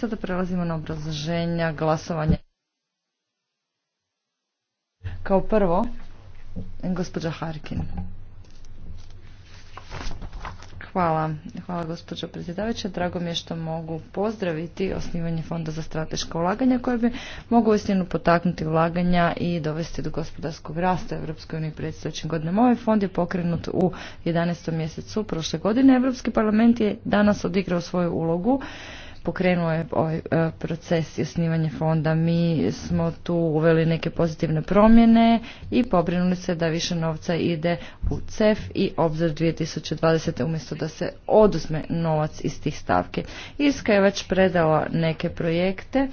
Sada prelazimo na obrazloženja glasovanja. Kao prvo, gospođa Harkin. Hvala. Hvala gospođo predsjedavajuća. Drago mi je što mogu pozdraviti osnivanje Fonda za strateška ulaganja koje bi mogu istinu potaknuti ulaganja i dovesti do gospodarskog rasta u uniji predstavljećim godinama. Ovaj fond je pokrenut u 11. mjesecu prošle godine. Europski parlament je danas odigrao svoju ulogu pokrenuo je ovaj e, proces i osnivanje fonda. Mi smo tu uveli neke pozitivne promjene i pobrinuli se da više novca ide u CEF i obzor 2020. umjesto da se oduzme novac iz tih stavke. Irska je već predala neke projekte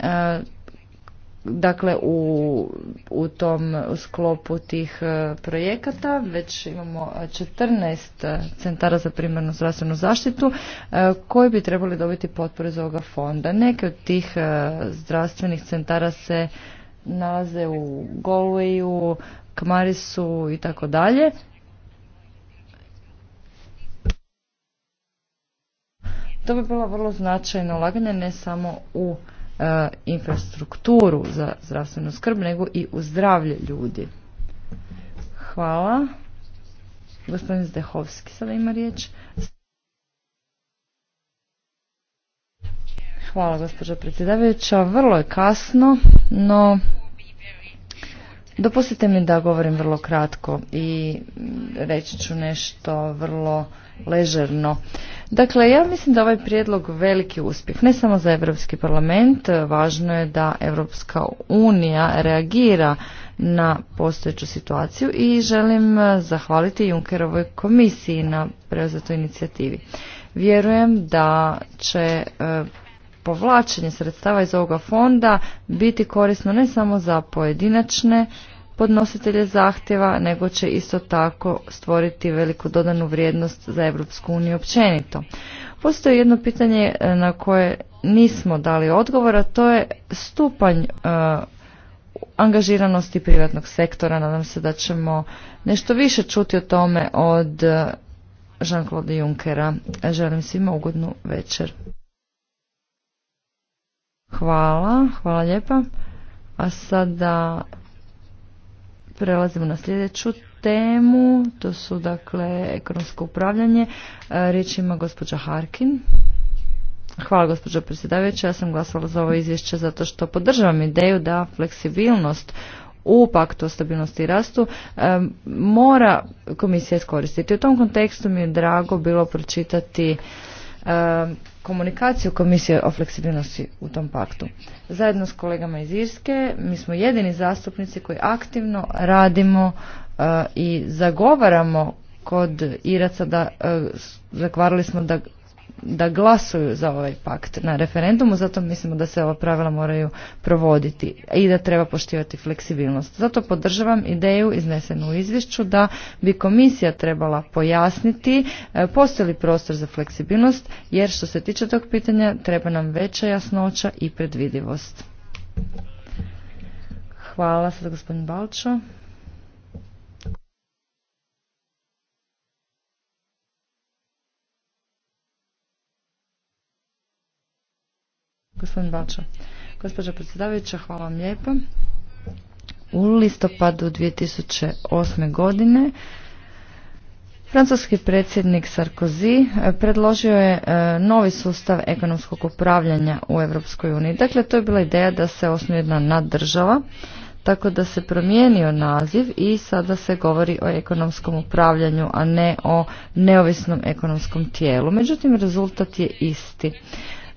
e, dakle u, u tom sklopu tih e, projekata već imamo 14 e, e, centara za primarnu zdravstvenu zaštitu koji bi trebali dobiti potpore iz ovoga fonda. Neke od tih zdravstvenih centara se nalaze u Galwayu, Kmarisu i tako dalje. To bi bilo vrlo značajno ulaganje ne samo u E, infrastrukturu za zdravstvenu skrb, nego i u zdravlje ljudi. Hvala. Gospodin Zdehovski sada ima riječ. Hvala gospođo predsjedavajuća. Vrlo je kasno, no dopustite mi da govorim vrlo kratko i reći ću nešto vrlo ležerno. Dakle, ja mislim da ovaj prijedlog veliki uspjeh, ne samo za Europski parlament, važno je da Europska unija reagira na postojeću situaciju i želim zahvaliti Junkerovoj komisiji na preuzetoj inicijativi. Vjerujem da će e, povlačenje sredstava iz ovoga fonda biti korisno ne samo za pojedinačne podnositelje zahtjeva, nego će isto tako stvoriti veliku dodanu vrijednost za Europsku uniju općenito. Postoji jedno pitanje e, na koje nismo dali odgovora, to je stupanj e, angažiranosti privatnog sektora. Nadam se da ćemo nešto više čuti o tome od e, Jean-Claude Junckera. Želim svima ugodnu večer. Hvala, hvala lijepa. A sada Prelazimo na sljedeću temu, to su dakle ekonomsko upravljanje. E, riječ ima gospođa Harkin. Hvala gospođo predsjedavajuća, ja sam glasala za ovo izvješće zato što podržavam ideju da fleksibilnost u paktu o stabilnosti i rastu e, mora komisija iskoristiti. U tom kontekstu mi je drago bilo pročitati komunikaciju Komisije o fleksibilnosti u tom paktu. Zajedno s kolegama iz Irske mi smo jedini zastupnici koji aktivno radimo eh, i zagovaramo kod Iraca da eh, zakvarili smo da da glasuju za ovaj pakt na referendumu, zato mislimo da se ova pravila moraju provoditi i da treba poštivati fleksibilnost. Zato podržavam ideju iznesenu u izvješću da bi komisija trebala pojasniti e, postoji li prostor za fleksibilnost, jer što se tiče tog pitanja treba nam veća jasnoća i predvidivost. Hvala sad gospodin Balčo. Gospodin Bača. Gospođa predsjedavajuća, hvala vam lijepo. U listopadu 2008. godine Francuski predsjednik Sarkozy e, predložio je e, novi sustav ekonomskog upravljanja u Europskoj uniji. Dakle, to je bila ideja da se osnuje jedna naddržava, tako da se promijenio naziv i sada se govori o ekonomskom upravljanju, a ne o neovisnom ekonomskom tijelu. Međutim, rezultat je isti.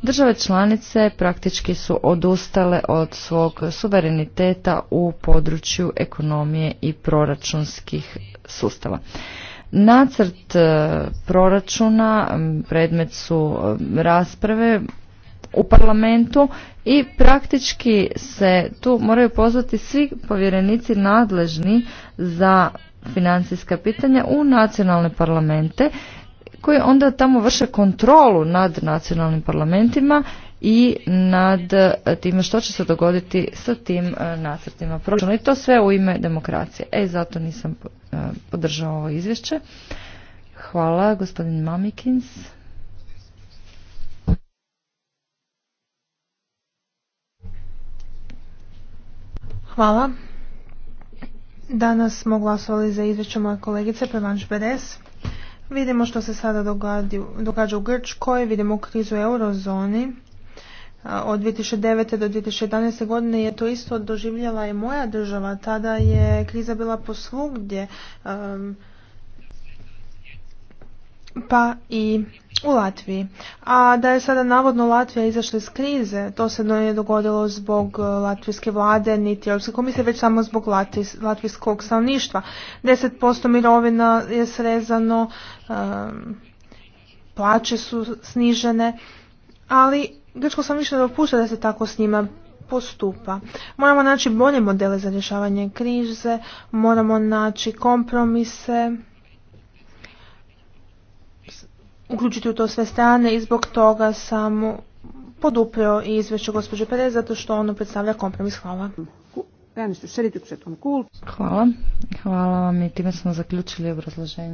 Države članice praktički su odustale od svog suvereniteta u području ekonomije i proračunskih sustava. Nacrt e, proračuna predmet su e, rasprave u parlamentu i praktički se tu moraju pozvati svi povjerenici nadležni za financijska pitanja u nacionalne parlamente koji onda tamo vrše kontrolu nad nacionalnim parlamentima i nad e, time što će se dogoditi sa tim e, nacrtima proračuna. I to sve u ime demokracije. E, zato nisam e, podržao ovo izvješće. Hvala, gospodin Mamikins. Hvala. Danas smo glasovali za izvješće moje kolegice Prevanš Vidimo što se sada događa, u Grčkoj, vidimo krizu u eurozoni. Od 2009. do 2011. godine je to isto doživljala i moja država. Tada je kriza bila svugdje pa i u Latviji. A da je sada navodno Latvija izašla iz krize, to se nije dogodilo zbog e, latvijske vlade niti Europske komisije, već samo zbog latvijskog stanovništva. 10% mirovina je srezano, e, plaće su snižene, ali grčko sam više dopušta da se tako s njima postupa. Moramo naći bolje modele za rješavanje krize, moramo naći kompromise uključiti u to sve strane i zbog toga sam podupio i izvješće gospođe Perez zato što ono predstavlja kompromis. Hvala. Hvala. Hvala vam i time smo zaključili obrazloženje.